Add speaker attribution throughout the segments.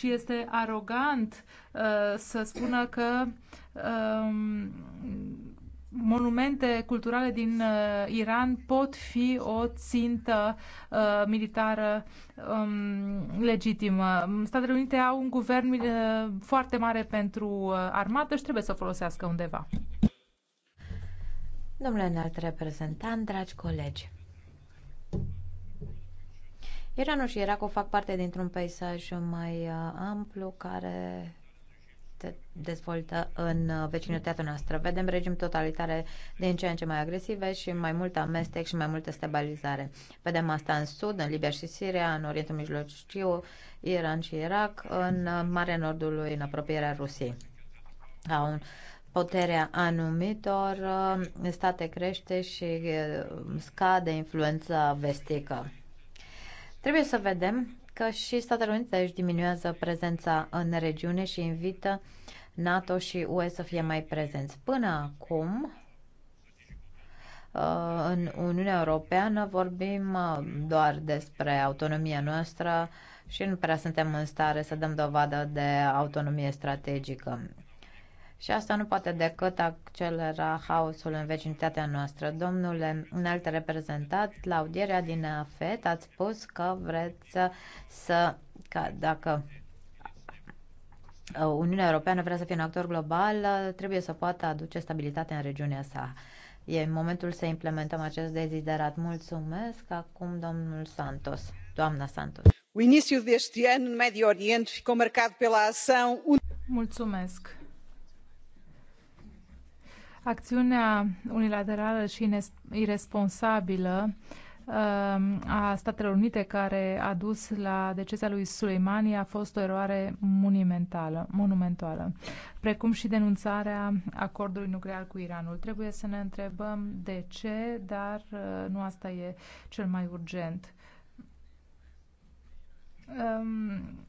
Speaker 1: și este arogant uh, să spună că um, monumente culturale din uh, Iran pot fi o țintă uh, militară um, legitimă. Statele Unite au un guvern uh, foarte mare pentru uh, armată și trebuie să folosească undeva.
Speaker 2: Domnule înalt reprezentant, dragi colegi, Iranul și Irakul fac parte dintr-un peisaj mai uh, amplu care se dezvoltă în uh, vecinătatea noastră. Vedem regim totalitare din ce în ce mai agresive și mai mult amestec și mai multă stabilizare. Vedem asta în Sud, în Libia și Siria, în Orientul Mijlociu, Iran și Irak, în uh, Marea Nordului, în apropierea Rusiei. Au un Puterea anumitor state crește și scade influența vestică. Trebuie să vedem că și Statele Unite își diminuează prezența în regiune și invită NATO și UE să fie mai prezenți. Până acum, uh, în Uniunea Europeană vorbim uh, doar despre autonomia noastră și nu prea suntem în stare să dăm dovadă de autonomie strategică. Și asta nu poate decât accelera haosul în vecinătatea noastră. Domnule alt reprezentat, la audierea din AFET ați spus că vreți să, că dacă Uniunea Europeană vrea să fie un actor global, trebuie să poată aduce stabilitate în regiunea sa. E momentul să implementăm acest deziderat. Mulțumesc. Acum domnul Santos. Doamna Santos.
Speaker 3: O início deste ano no Médio Oriente ficou
Speaker 1: marcado pela ação. Mulțumesc. Acțiunea unilaterală și irresponsabilă um, a Statelor Unite care a dus la decesia lui Suleimani a fost o eroare monumentală, monumentală, precum și denunțarea acordului nuclear cu Iranul. Trebuie să ne întrebăm de ce, dar uh, nu asta e cel mai urgent. Um,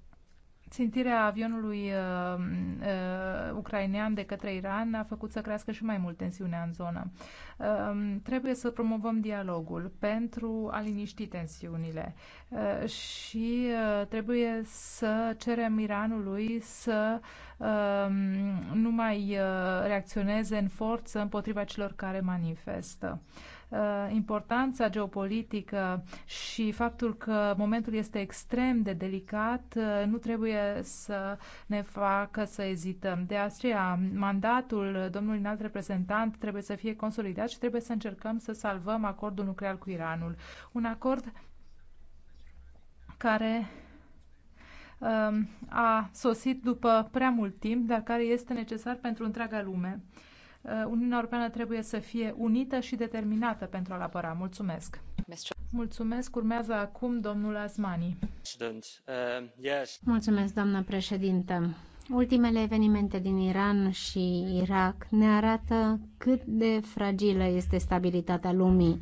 Speaker 1: Țintirea avionului uh, uh, ucrainean de către Iran a făcut să crească și mai mult tensiunea în zonă. Uh, trebuie să promovăm dialogul pentru a liniști tensiunile uh, și uh, trebuie să cerem Iranului să uh, nu mai uh, reacționeze în forță împotriva celor care manifestă. Uh, Uh, importanța geopolitică și faptul că momentul este extrem de delicat uh, nu trebuie să ne facă să ezităm. De aceea, mandatul domnului înalt reprezentant trebuie să fie consolidat și trebuie să încercăm să salvăm acordul nuclear cu Iranul. Un acord care um, a sosit după prea mult timp, dar care este necesar pentru întreaga lume. Uh, Uniunea Europeană trebuie să fie unită și determinată pentru a-l apăra. Mulțumesc! Mulțumesc. Urmează acum domnul Asmani. Uh, Mulțumesc, doamnă
Speaker 4: președintă. Ultimele evenimente din Iran și Irak ne arată cât de fragilă este stabilitatea lumii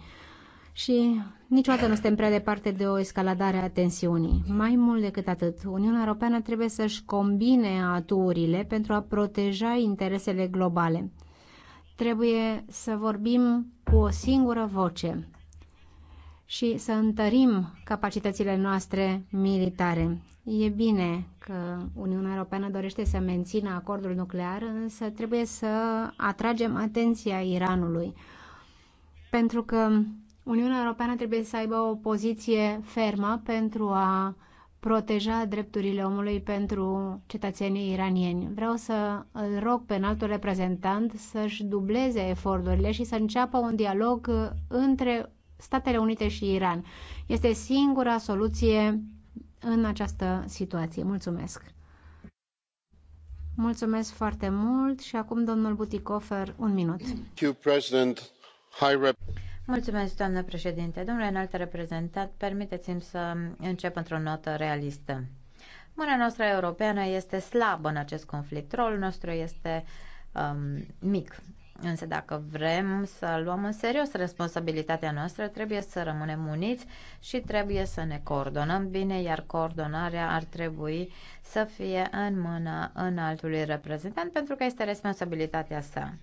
Speaker 4: și niciodată nu suntem prea departe de o escaladare a tensiunii. Mai mult decât atât, Uniunea Europeană trebuie să-și combine aturile pentru a proteja interesele globale. Trebuie să vorbim cu o singură voce și să întărim capacitățile noastre militare. E bine că Uniunea Europeană dorește să mențină acordul nuclear, însă trebuie să atragem atenția Iranului. Pentru că Uniunea Europeană trebuie să aibă o poziție fermă pentru a proteja drepturile omului pentru cetățenii iranieni. Vreau să îl rog pe înaltul reprezentant să-și dubleze eforturile și să înceapă un dialog între Statele Unite și Iran. Este singura soluție în această situație. Mulțumesc! Mulțumesc foarte mult și acum domnul Butikofer, un
Speaker 5: minut. Thank you, President. High
Speaker 2: Mulțumesc, doamnă președinte. Domnule înalt reprezentant, permiteți-mi să încep într-o notă realistă. Mâna noastră europeană este slabă în acest conflict. Rolul nostru este um, mic. Însă dacă vrem să luăm în serios responsabilitatea noastră, trebuie să rămânem uniți și trebuie să ne coordonăm bine, iar coordonarea ar trebui să fie în mâna înaltului reprezentant, pentru că este responsabilitatea sa.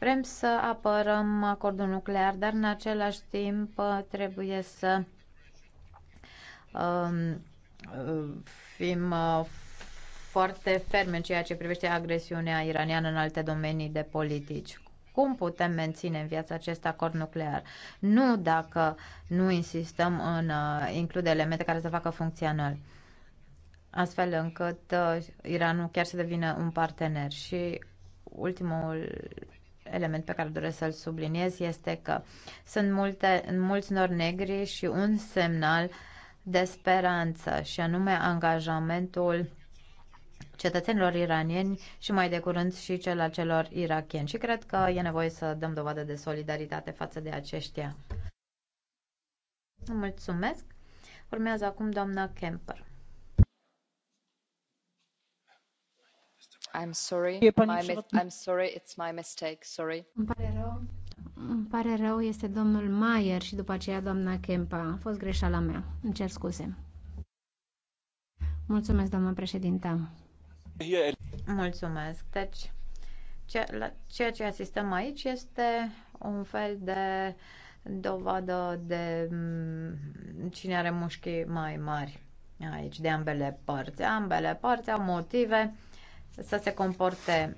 Speaker 2: Vrem să apărăm acordul nuclear, dar în același timp uh, trebuie să um, fim uh, foarte fermi în ceea ce privește agresiunea iraniană în alte domenii de politici. Cum putem menține în viață acest acord nuclear? Nu dacă nu insistăm în uh, include elemente care să facă funcțional astfel încât Iranul chiar să devină un partener. Și ultimul element pe care doresc să-l subliniez este că sunt multe, mulți nori negri și un semnal de speranță și anume angajamentul cetățenilor iranieni și mai de curând și cel al celor irakieni. Și cred că e nevoie să dăm dovadă de solidaritate față de aceștia. Mulțumesc. Urmează acum doamna Kemper.
Speaker 6: I'm sorry. Păi I'm sorry, it's my mistake. Sorry.
Speaker 4: Îmi pare rău. pare rău, este domnul Mayer și după aceea doamna Kempa. A fost greșeala mea. Îmi cer scuze. Mulțumesc, doamnă președintă.
Speaker 2: Mulțumesc. Deci, ceea ce asistăm aici este un fel de dovadă de mm, cine are mușchii mai mari aici, de ambele părți. Ambele părți au motive să se comporte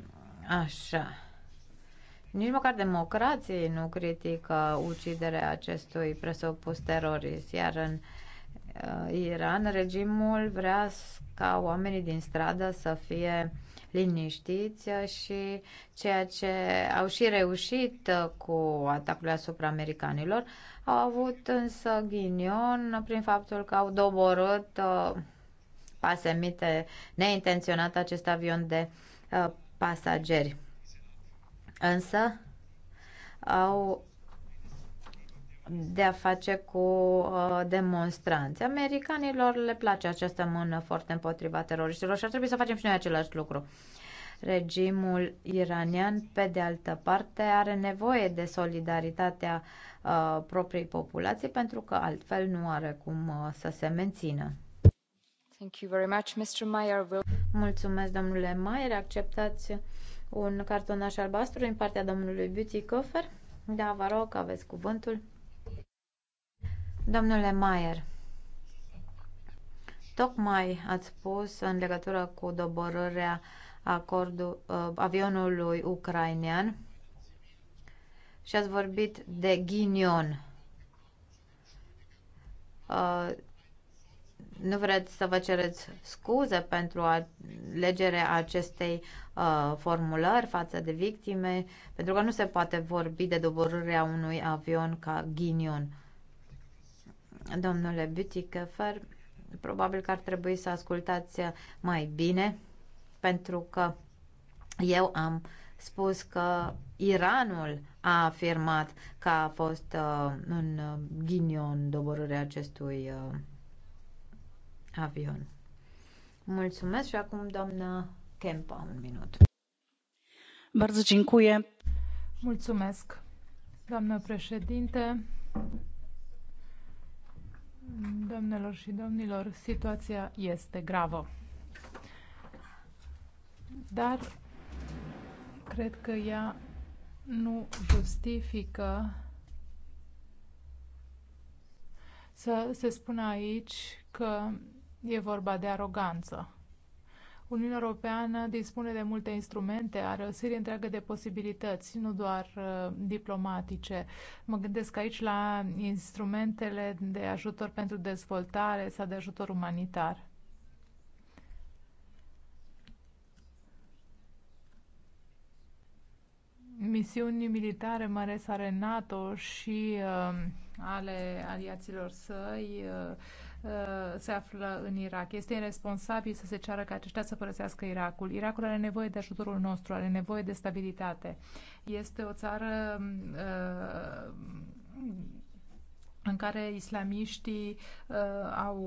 Speaker 2: așa. Nici măcar democrației nu critică uciderea acestui presupus terorist, iar în uh, Iran regimul vrea ca oamenii din stradă să fie liniștiți și ceea ce au și reușit cu atacul asupra americanilor, au avut însă ghinion prin faptul că au doborât uh, pas neintenționat acest avion de uh, pasageri. Însă au de a face cu uh, demonstranți. Americanilor le place această mână foarte împotriva teroriștilor și ar trebui să facem și noi același lucru. Regimul iranian, pe de altă parte, are nevoie de solidaritatea uh, propriei populații pentru că altfel nu are cum uh, să se mențină. Mulțumesc, domnule Mayer. Acceptați un cartonaș albastru din partea domnului Butikofer? Da, vă rog, aveți cuvântul. Domnule Mayer, tocmai ați spus în legătură cu doborârea acordul, uh, avionului ucrainean și ați vorbit de ghinion. Uh, nu vreți să vă cereți scuze pentru alegerea acestei uh, formulări față de victime, pentru că nu se poate vorbi de doborârea unui avion ca ghinion. Domnule Butikofer, probabil că ar trebui să ascultați mai bine, pentru că eu am spus că Iranul a afirmat că a fost uh, un uh, ghinion doborârea acestui uh, avion. Mulțumesc și
Speaker 1: acum doamna Kempa, un minut.
Speaker 7: Bardzo dziękuję.
Speaker 1: Mulțumesc, doamnă președinte. Doamnelor și domnilor, situația este gravă. Dar cred că ea nu justifică să se spună aici că E vorba de aroganță. Uniunea Europeană dispune de multe instrumente, are o serie întreagă de posibilități, nu doar uh, diplomatice. Mă gândesc aici la instrumentele de ajutor pentru dezvoltare sau de ajutor umanitar. Misiuni militare, mai ales NATO și uh, ale aliaților săi, uh, Uh, se află în Irak. Este irresponsabil să se ceară ca aceștia să părăsească Irakul. Irakul are nevoie de ajutorul nostru, are nevoie de stabilitate. Este o țară uh, în care islamiștii uh, au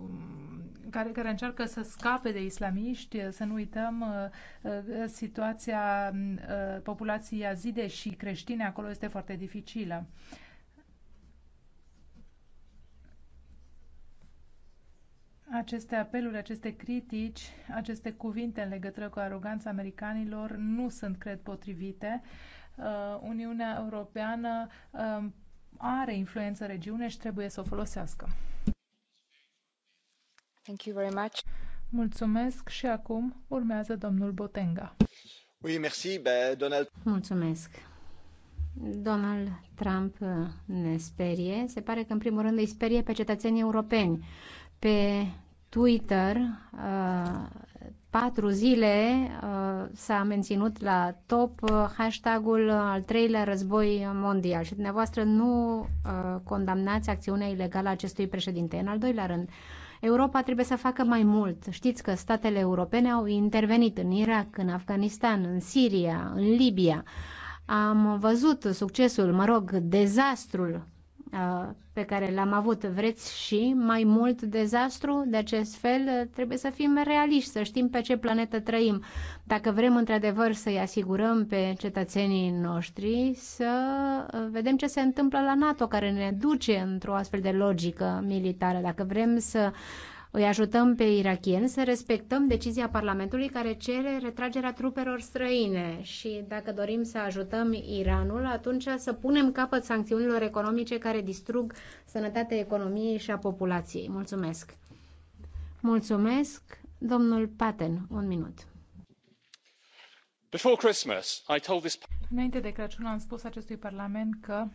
Speaker 1: uh, care, care încearcă să scape de islamiști, să nu uităm uh, uh, situația uh, populației azide și creștine acolo este foarte dificilă. Uh, aceste apeluri, aceste critici, aceste cuvinte în legătură cu aroganța americanilor nu sunt, cred, potrivite. Uh, Uniunea Europeană um, are influență în regiune și trebuie să o folosească. Thank you very much. Mulțumesc și acum urmează domnul Botenga.
Speaker 7: Oui, merci, Donald.
Speaker 4: Mulțumesc. Donald Trump uh, ne sperie. Se pare că, în primul rând, îi sperie pe cetățenii europeni, pe Twitter, uh, patru zile uh, s-a menținut la top uh, hashtagul al treilea război mondial și dumneavoastră nu condamnați acțiunea ilegală a acestui președinte. În al doilea rând, Europa trebuie să facă mai mult. Știți că statele europene au intervenit în Irak, în Afganistan, în Siria, în Libia. Am văzut succesul, mă rog, dezastrul Uh, pe care l-am avut. Vreți și mai mult dezastru? De acest fel, uh, trebuie să fim realiști, să știm pe ce planetă trăim. Dacă vrem într-adevăr să-i asigurăm pe cetățenii noștri, să uh, vedem ce se întâmplă la NATO, care ne duce într-o astfel de logică militară. Dacă vrem să uh, îi ajutăm pe irachieni să respectăm decizia Parlamentului care cere retragerea trupelor străine și dacă dorim să ajutăm Iranul, atunci să punem capăt sancțiunilor economice care distrug sănătatea economiei și a populației. Mulțumesc! Mulțumesc, domnul
Speaker 1: Paten, un minut.
Speaker 5: Before Christmas, I told this...
Speaker 1: Înainte de Crăciun am spus acestui Parlament că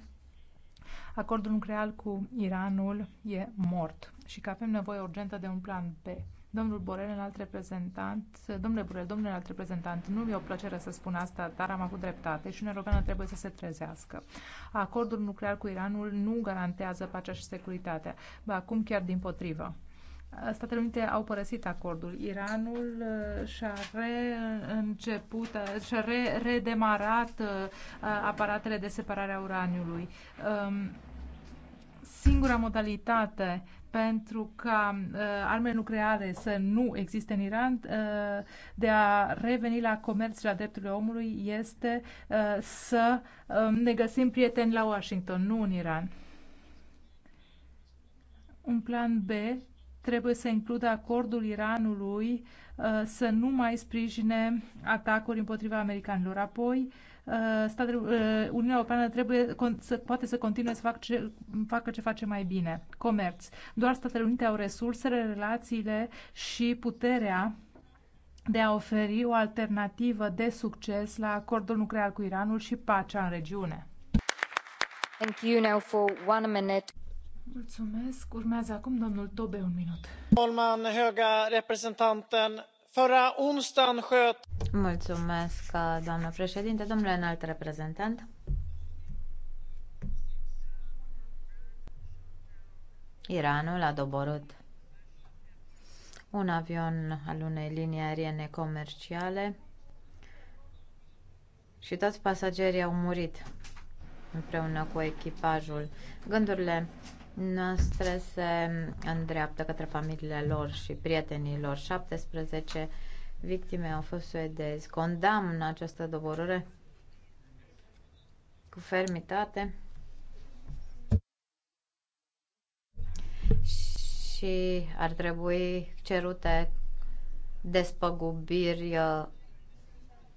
Speaker 1: acordul nuclear cu Iranul e mort și că avem nevoie urgentă de un plan B. Domnul Borel, în alt reprezentant, domnule Borel, domnule alt reprezentant, nu mi-e o plăcere să spun asta, dar am avut dreptate și Uniunea Europeană trebuie să se trezească. Acordul nuclear cu Iranul nu garantează pacea și securitatea, ba acum chiar din potrivă. Statele Unite au părăsit acordul. Iranul uh, și-a reînceput, uh, și-a re redemarat uh, aparatele de separare a uraniului. Um, singura modalitate pentru ca uh, arme nucleare să nu existe în Iran, uh, de a reveni la comerț și la drepturile omului, este uh, să uh, ne găsim prieteni la Washington, nu în Iran. Un plan B trebuie să includă acordul Iranului uh, să nu mai sprijine atacuri împotriva americanilor. Apoi, uh, Uh, statele, uh, Uniunea Europeană trebuie să, poate să continue să fac ce, facă ce face mai bine. Comerț. Doar Statele Unite au resursele, relațiile și puterea de a oferi o alternativă de succes la acordul nuclear cu Iranul și pacea în regiune. Thank you now for one minute. Mulțumesc. Urmează acum domnul Tobe un minut. Holman, höga reprezentanten.
Speaker 2: Mulțumesc, doamnă președinte, domnule înalt reprezentant. Iranul a doborât un avion al unei linii aeriene comerciale și toți pasagerii au murit împreună cu echipajul. Gândurile noastre se îndreaptă către familiile lor și prietenii lor. 17 victime au fost suedezi. Condamn această doborâre cu fermitate și ar trebui cerute despăgubiri uh,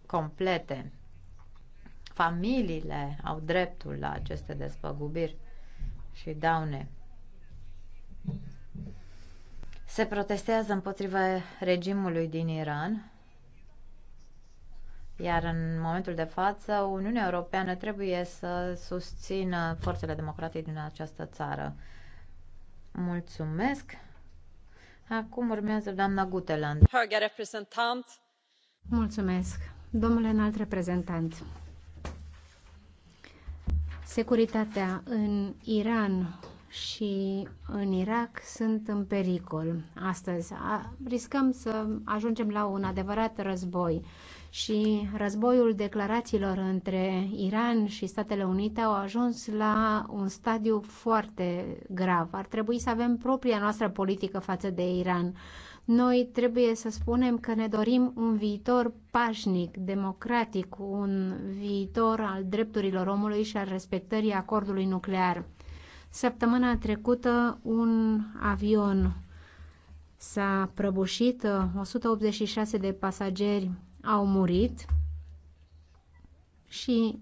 Speaker 2: complete. Familiile au dreptul la aceste despăgubiri și daune. Se protestează împotriva regimului din Iran, iar în momentul de față, Uniunea Europeană trebuie să susțină forțele democratice din această țară. Mulțumesc! Acum urmează doamna Guteland.
Speaker 4: Mulțumesc! Domnule înalt reprezentant, Securitatea în Iran și în Irak sunt în pericol astăzi. A, riscăm să ajungem la un adevărat război și războiul declarațiilor între Iran și Statele Unite au ajuns la un stadiu foarte grav. Ar trebui să avem propria noastră politică față de Iran noi trebuie să spunem că ne dorim un viitor pașnic, democratic, un viitor al drepturilor omului și al respectării acordului nuclear. Săptămâna trecută, un avion s-a prăbușit, 186 de pasageri au murit și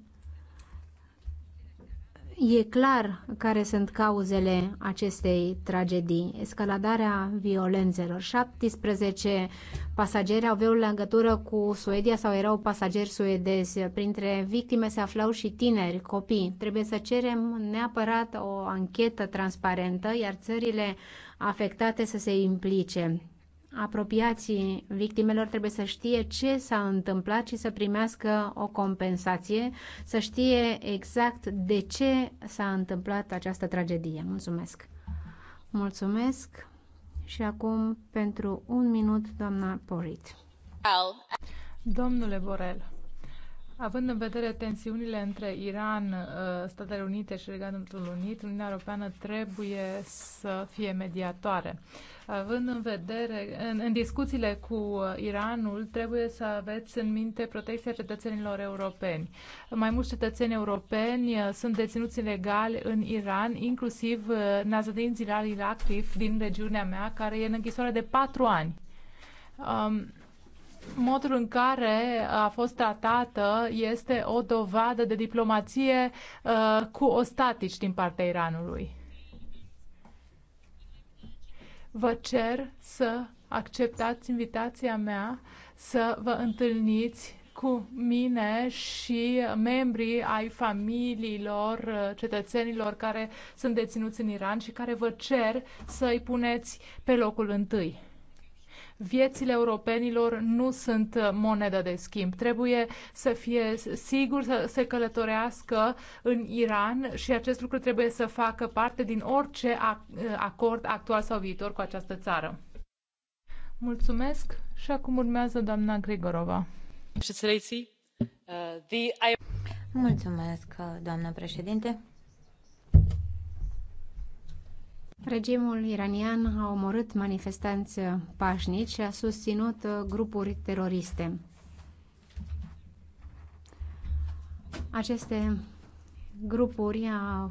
Speaker 4: E clar care sunt cauzele acestei tragedii. Escaladarea violențelor. 17 pasageri aveau legătură cu Suedia sau erau pasageri suedezi. Printre victime se aflau și tineri, copii. Trebuie să cerem neapărat o anchetă transparentă, iar țările afectate să se implice apropiații victimelor trebuie să știe ce s-a întâmplat și să primească o compensație, să știe exact de ce s-a întâmplat această tragedie. Mulțumesc! Mulțumesc și acum pentru un minut, doamna Porit.
Speaker 1: Domnule Borel, Având în vedere tensiunile între Iran, uh, Statele Unite și Regatul Unit, Uniunea Europeană trebuie să fie mediatoare. Având în vedere, în, în discuțiile cu Iranul, trebuie să aveți în minte protecția cetățenilor europeni. Mai mulți cetățeni europeni uh, sunt deținuți ilegal în Iran, inclusiv uh, Nazadin Zilal Ilakif din regiunea mea, care e în închisoare de patru ani. Um, modul în care a fost tratată este o dovadă de diplomație uh, cu ostatici din partea Iranului. Vă cer să acceptați invitația mea să vă întâlniți cu mine și membrii ai familiilor uh, cetățenilor care sunt deținuți în Iran și care vă cer să îi puneți pe locul întâi. Viețile europenilor nu sunt monedă de schimb. Trebuie să fie sigur să se călătorească în Iran și acest lucru trebuie să facă parte din orice acord actual sau viitor cu această țară. Mulțumesc și acum urmează doamna Grigorova. Uh, Mulțumesc, uh, doamnă președinte.
Speaker 4: Regimul iranian a omorât manifestanți pașnici și a susținut grupuri teroriste. Aceste grupuri au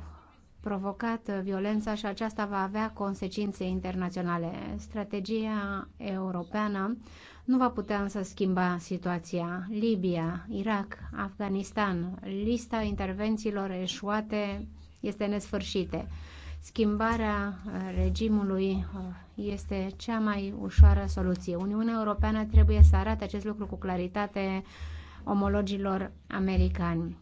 Speaker 4: provocat violența și aceasta va avea consecințe internaționale. Strategia europeană nu va putea însă schimba situația. Libia, Irak, Afganistan, lista intervențiilor eșuate este nesfârșită. Schimbarea uh, regimului uh, este cea mai ușoară soluție. Uniunea Europeană trebuie să arate acest lucru cu claritate omologilor americani.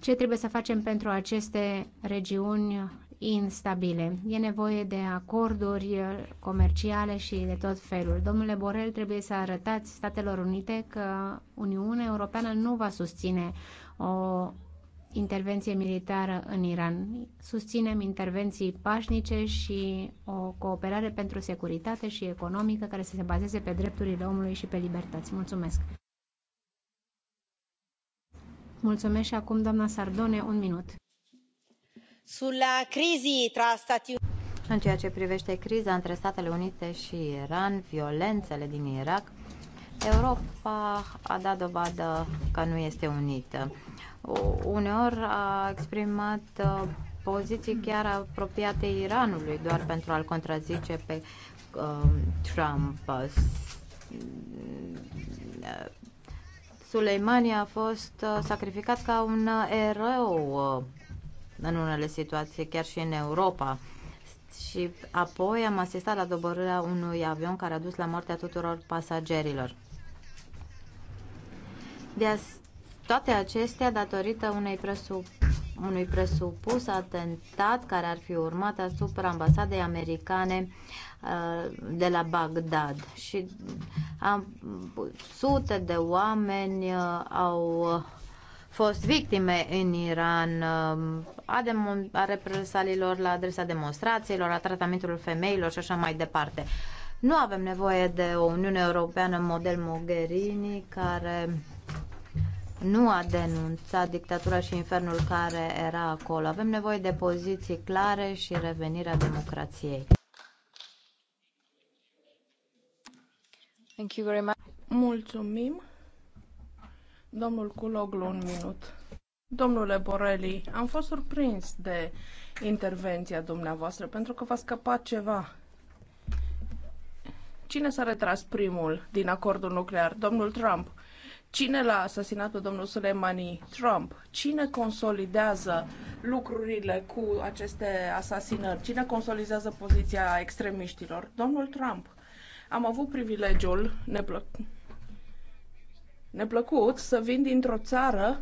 Speaker 4: Ce trebuie să facem pentru aceste regiuni instabile? E nevoie de acorduri uh, comerciale și de tot felul. Domnule Borel, trebuie să arătați Statelor Unite că Uniunea Europeană nu va susține o intervenție militară în Iran. Susținem intervenții pașnice și o cooperare pentru securitate și economică care să se bazeze pe drepturile omului și pe libertăți. Mulțumesc! Mulțumesc și acum,
Speaker 2: doamna Sardone, un minut. Sulla
Speaker 4: crizi tra stati...
Speaker 2: În ceea ce privește criza între Statele Unite și Iran, violențele din Irak, Europa a dat dovadă că nu este unită uneori a exprimat uh, poziții chiar apropiate Iranului, doar pentru a-l contrazice pe um, uh, Trump. Suleimani a fost uh, sacrificat ca un erou uh, în unele situații, chiar și în Europa. Și apoi am asistat la dobărârea unui avion care a dus la moartea tuturor pasagerilor. De, as- toate acestea datorită unei presup unui presupus atentat care ar fi urmat asupra ambasadei americane uh, de la Bagdad. Și sute de oameni uh, au fost victime în Iran uh, a, a represaliilor la adresa demonstrațiilor, a tratamentului femeilor și așa mai departe. Nu avem nevoie de o Uniune Europeană model Mogherini care nu a denunțat dictatura și infernul care era acolo. Avem nevoie de poziții clare și revenirea democrației.
Speaker 3: Thank you very much. Mulțumim. Domnul Culoglu, un minut. Domnule Borelli, am fost surprins de intervenția dumneavoastră pentru că v-a scăpat ceva. Cine s-a retras primul din acordul nuclear? Domnul Trump. Cine l-a asasinat pe domnul Soleimani? Trump. Cine consolidează lucrurile cu aceste asasinări? Cine consolidează poziția extremiștilor? Domnul Trump. Am avut privilegiul neplă- neplăcut să vin dintr-o țară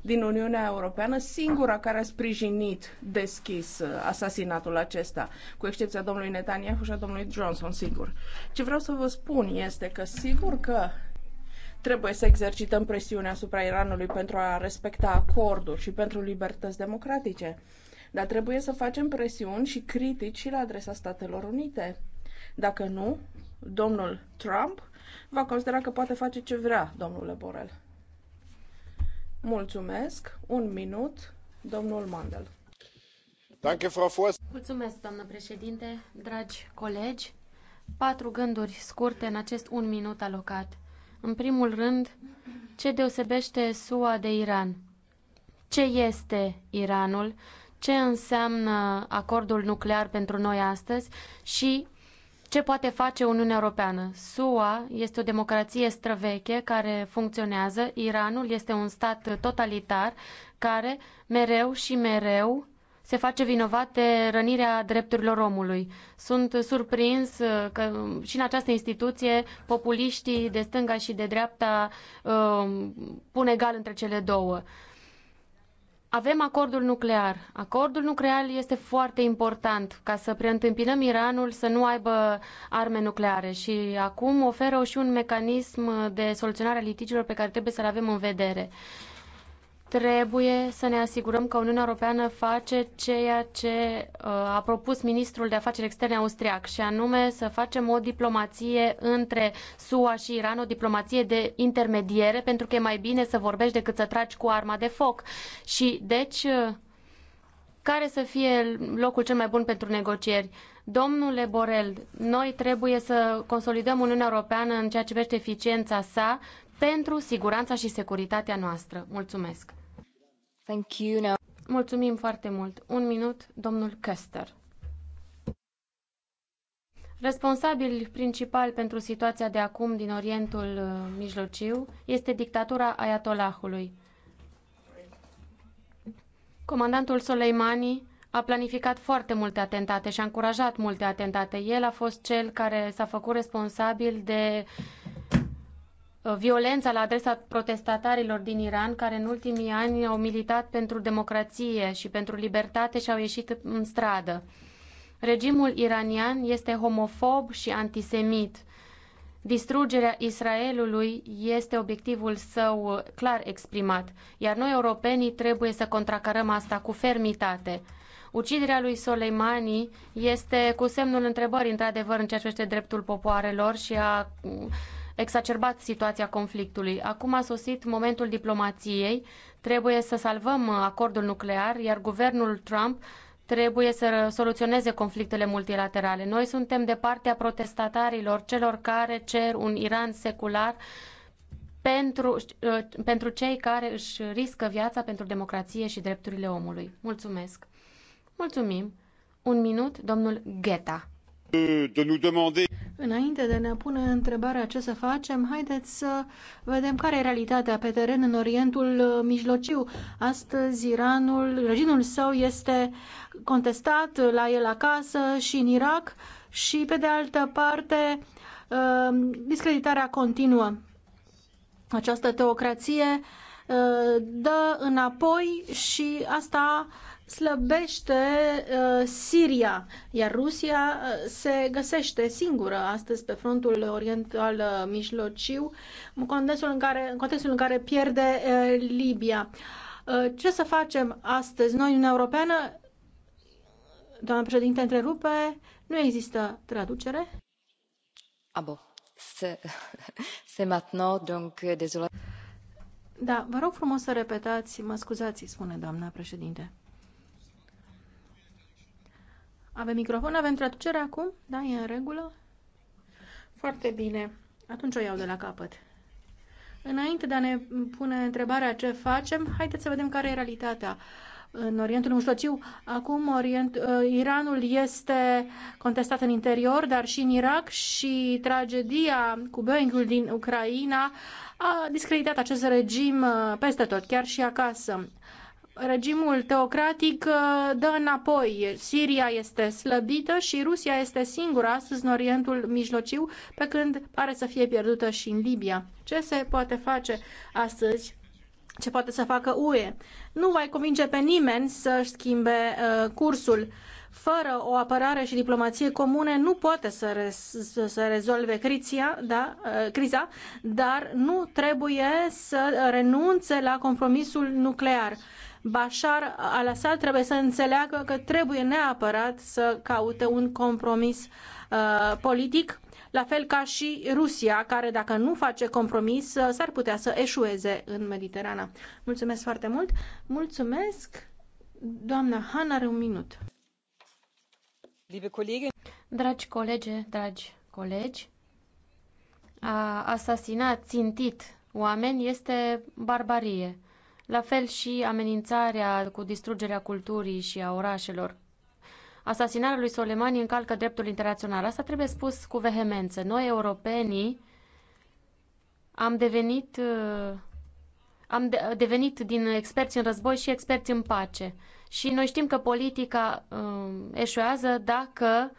Speaker 3: din Uniunea Europeană, singura care a sprijinit deschis asasinatul acesta, cu excepția domnului Netanyahu și a domnului Johnson, sigur. Ce vreau să vă spun este că sigur că Trebuie să exercităm presiune asupra Iranului pentru a respecta acordul și pentru libertăți democratice. Dar trebuie să facem presiuni și critici și la adresa Statelor Unite. Dacă nu, domnul Trump va considera că poate face ce vrea, domnule Borel. Mulțumesc. Un minut, domnul Mandel. Mulțumesc, doamnă
Speaker 5: președinte,
Speaker 6: dragi colegi. Patru gânduri scurte în acest un minut alocat. În primul rând, ce deosebește SUA de Iran? Ce este Iranul? Ce înseamnă acordul nuclear pentru noi astăzi? Și ce poate face Uniunea Europeană? SUA este o democrație străveche care funcționează. Iranul este un stat totalitar care mereu și mereu se face vinovat de rănirea drepturilor omului. Sunt surprins că și în această instituție populiștii de stânga și de dreapta um, pun egal între cele două. Avem acordul nuclear. Acordul nuclear este foarte important ca să preîntâmpinăm Iranul să nu aibă arme nucleare și acum oferă și un mecanism de soluționare a litigiilor pe care trebuie să-l avem în vedere. Trebuie să ne asigurăm că Uniunea Europeană face ceea ce uh, a propus ministrul de afaceri externe austriac, și anume să facem o diplomație între SUA și Iran, o diplomație de intermediere, pentru că e mai bine să vorbești decât să tragi cu arma de foc. Și deci, uh, care să fie locul cel mai bun pentru negocieri? Domnule Borel, noi trebuie să consolidăm Uniunea Europeană în ceea ce privește eficiența sa, pentru siguranța și securitatea noastră. Mulțumesc! Thank you, no. Mulțumim foarte mult. Un minut, domnul Köster. Responsabil principal pentru situația de acum din Orientul uh, Mijlociu este dictatura Ayatollahului. Comandantul Soleimani a planificat foarte multe atentate și a încurajat multe atentate. El a fost cel care s-a făcut responsabil de uh, Uh, violența la adresa protestatarilor din Iran, care în ultimii ani au militat pentru democrație și pentru libertate și au ieșit în stradă. Regimul iranian este homofob și antisemit. Distrugerea Israelului este obiectivul său clar exprimat, iar noi, europenii, trebuie să contracarăm asta cu fermitate. Uciderea lui Soleimani este cu semnul întrebării, într-adevăr, în ceea ce privește dreptul popoarelor și a exacerbat situația conflictului. Acum a sosit momentul diplomației, trebuie să salvăm acordul nuclear, iar guvernul Trump trebuie să soluționeze conflictele multilaterale. Noi suntem de partea protestatarilor, celor care cer un Iran secular pentru, uh, pentru cei care își riscă viața pentru democrație și drepturile omului. Mulțumesc! Mulțumim! Un minut, domnul Gheta. De, de Înainte de a ne pune întrebarea ce să facem,
Speaker 7: haideți să vedem care e realitatea pe teren în Orientul Mijlociu. Astăzi Iranul, regimul său este contestat la el acasă și în Irak și pe de altă parte uh, discreditarea continuă. Această teocrație uh, dă înapoi și asta slăbește uh, Siria, iar Rusia uh, se găsește singură astăzi pe frontul oriental uh, mijlociu, în contextul în care, în contextul în care pierde uh, Libia. Uh, ce să facem astăzi? Noi, Uniunea Europeană, doamna președinte, întrerupe, nu există traducere. Abo, se, se donc, dezolat. Da, vă rog frumos să repetați, mă scuzați, spune doamna președinte. Avem microfon, avem traducere acum? Da, e în regulă? Foarte bine. Atunci o iau de la capăt. Înainte de a ne pune întrebarea ce facem, haideți să vedem care e realitatea. În Orientul Mijlociu, acum Orient, uh, Iranul este contestat în interior, dar și în Irak și tragedia cu Boeingul din Ucraina a discreditat acest regim uh, peste tot, chiar și acasă regimul teocratic uh, dă înapoi. Siria este slăbită și Rusia este singura astăzi în Orientul Mijlociu, pe când pare să fie pierdută și în Libia. Ce se poate face astăzi? Ce poate să facă UE? Nu va convinge pe nimeni să-și schimbe uh, cursul. Fără o apărare și diplomație comune nu poate să, re- să, să rezolve criția, da, uh, criza, dar nu trebuie să renunțe la compromisul nuclear. Bashar al-Assad trebuie să înțeleagă că trebuie neapărat să caute un compromis uh, politic, la fel ca și Rusia, care dacă nu face compromis, uh, s-ar putea să eșueze în Mediterana. Mulțumesc foarte mult!
Speaker 6: Mulțumesc! Doamna Han are un minut. Dragi colege, dragi colegi, a asasinat țintit oameni este barbarie. La fel și amenințarea cu distrugerea culturii și a orașelor. Asasinarea lui Soleimani încalcă dreptul internațional. Asta trebuie spus cu vehemență. Noi, europenii, am devenit, uh, am de, devenit din experți în război și experți în pace. Și noi știm că politica um, eșuează dacă uh,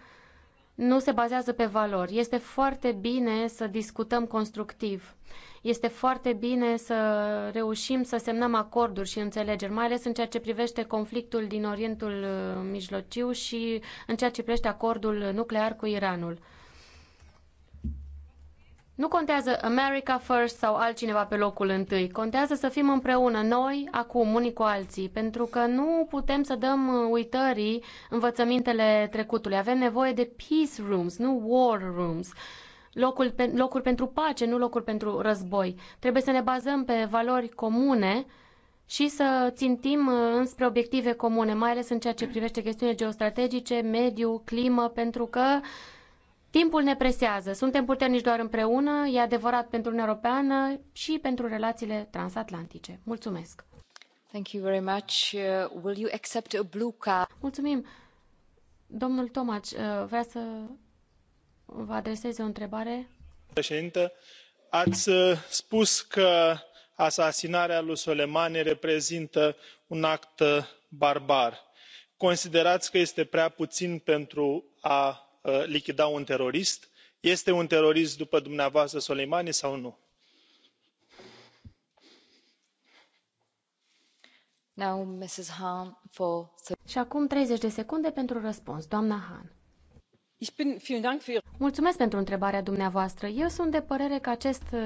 Speaker 6: nu se bazează pe valori. Este foarte bine să discutăm constructiv. Este foarte bine să reușim să semnăm acorduri și înțelegeri, mai ales în ceea ce privește conflictul din Orientul uh, Mijlociu și în ceea ce privește acordul nuclear cu Iranul. Nu contează America First sau altcineva pe locul întâi. Contează să fim împreună, noi, acum, unii cu alții, pentru că nu putem să dăm uitării învățămintele trecutului. Avem nevoie de peace rooms, nu war rooms. Locul pe, locuri pentru pace, nu locuri pentru război. Trebuie să ne bazăm pe valori comune și să țintim uh, înspre obiective comune, mai ales în ceea ce privește chestiunile geostrategice, mediu, climă, pentru că uh, Timpul ne presează. Suntem puternici doar împreună, e adevărat pentru Uniunea Europeană și pentru relațiile transatlantice. Mulțumesc! Thank you very much. Uh, will you accept a blue card? Mulțumim. Domnul Tomac, uh, vrea să vă adreseze o întrebare?
Speaker 5: Președintă, ați uh, spus că asasinarea lui Soleimani reprezintă un act uh, barbar. Considerați că este prea puțin pentru a Uh, lichida un terorist este un terorist după dumneavoastră soleimani sau nu?
Speaker 6: și acum treizeci de secunde pentru răspuns doamna han. Mulțumesc pentru întrebarea dumneavoastră. Eu sunt de părere că acest uh,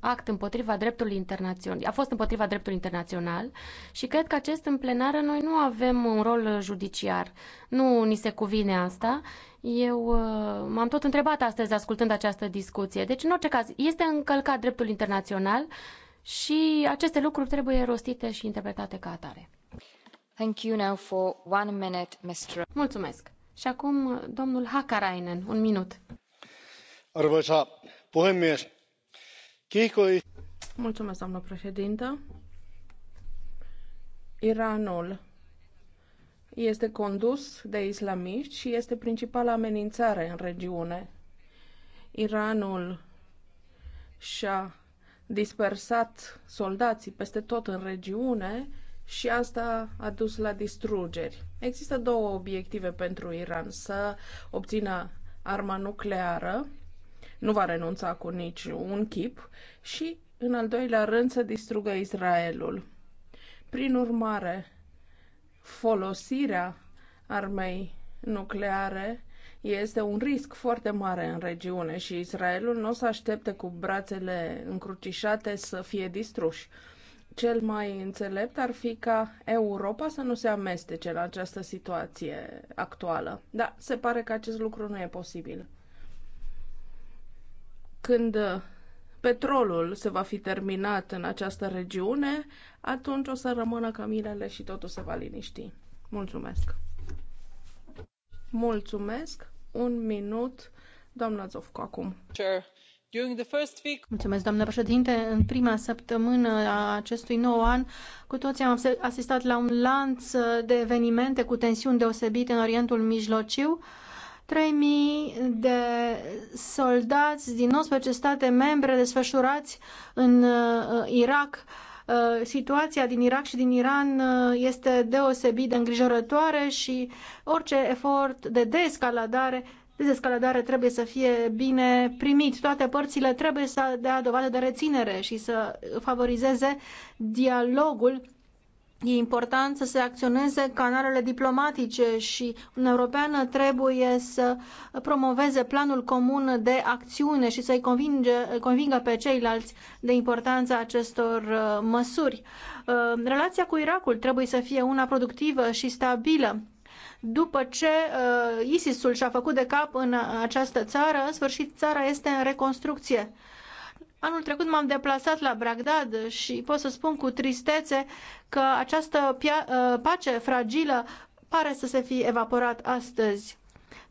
Speaker 6: act împotriva dreptului internațional a fost împotriva dreptului internațional și cred că acest în plenară noi nu avem un rol uh, judiciar. Nu ni se cuvine asta. Eu uh, m-am tot întrebat astăzi ascultând această discuție. Deci, în orice caz, este încălcat dreptul internațional și aceste lucruri trebuie rostite și interpretate ca atare. Thank you now for one minute, Mr. Mulțumesc. Și acum domnul Hakarainen, un minut.
Speaker 5: Arvoisa puhemies. Kiihkoi...
Speaker 3: Mulțumesc, doamnă președintă. Iranul este condus de islamiști și este principala amenințare în regiune. Iranul și-a dispersat soldații peste tot în regiune și asta a dus la distrugeri. Există două obiective pentru Iran, să obțină arma nucleară, nu va renunța cu nici chip, și, în al doilea rând, să distrugă Israelul. Prin urmare, folosirea armei nucleare este un risc foarte mare în regiune și Israelul nu o să aștepte cu brațele încrucișate să fie distruși cel mai înțelept ar fi ca Europa să nu se amestece la această situație actuală. Dar se pare că acest lucru nu e posibil. Când uh, petrolul se va fi terminat în această regiune, atunci o să rămână cămilele și totul se va liniști. Mulțumesc! Mulțumesc! Un minut, doamna Zofco, acum. Sure. Mulțumesc, doamnă
Speaker 7: președinte. În prima săptămână a acestui nou an, cu toții am asistat la un lanț de evenimente cu tensiuni deosebite în Orientul Mijlociu. 3.000 de soldați din 19 state membre desfășurați în uh, Irak. Uh, situația din Irak și din Iran uh, este deosebit de îngrijorătoare și orice efort de descaladare dezescaladare trebuie să fie bine primit. Toate părțile trebuie să dea dovadă de reținere și să favorizeze dialogul E important să se acționeze canalele diplomatice și Uniunea Europeană trebuie să promoveze planul comun de acțiune și să-i convingă pe ceilalți de importanța acestor uh, măsuri. Uh, relația cu Irakul trebuie să fie una productivă și stabilă după ce uh, ISIS-ul și-a făcut de cap în uh, această țară, în sfârșit țara este în reconstrucție. Anul trecut m-am deplasat la Bragdad și pot să spun cu tristețe că această uh, pace fragilă pare să se fi evaporat astăzi.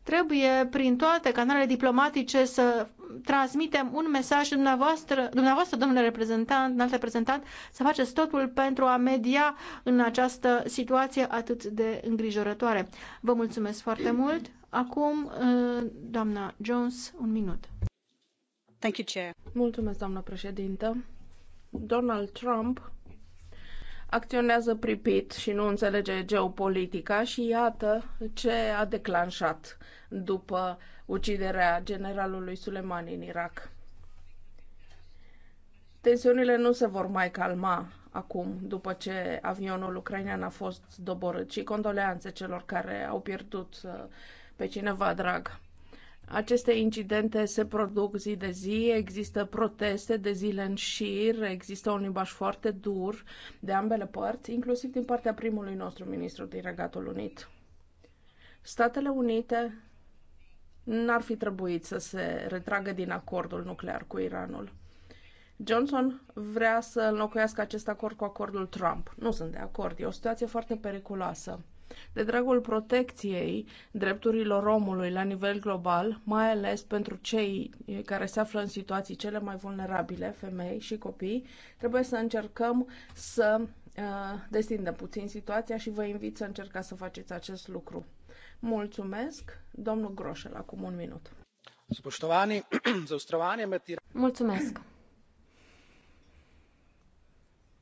Speaker 7: Trebuie prin toate canalele diplomatice să transmitem un mesaj dumneavoastră, dumneavoastră domnule reprezentant, înalt reprezentant, să faceți totul pentru a media în această situație atât de îngrijorătoare. Vă mulțumesc foarte mult. Acum, uh,
Speaker 3: doamna Jones, un minut. Thank you, Chair. Mulțumesc, doamna președintă. Donald Trump acționează pripit și nu înțelege geopolitica și iată ce a declanșat după uciderea generalului Suleimani în Irak. Tensiunile nu se vor mai calma acum, după ce avionul ucrainean a fost doborât și condoleanțe celor care au pierdut uh, pe cineva drag. Aceste incidente se produc zi de zi, există proteste de zile în șir, există un limbaj foarte dur de ambele părți, inclusiv din partea primului nostru ministru din Regatul Unit. Statele Unite n-ar fi trebuit să se retragă din acordul nuclear cu Iranul. Johnson vrea să înlocuiască acest acord cu acordul Trump. Nu sunt de acord. E o situație foarte periculoasă de dragul protecției drepturilor omului la nivel global, mai ales pentru cei care se află în situații cele mai vulnerabile, femei și copii, trebuie să încercăm să uh, destindem puțin situația și vă invit să încercați să faceți acest lucru. Mulțumesc, domnul Groșel, acum un minut. Mulțumesc.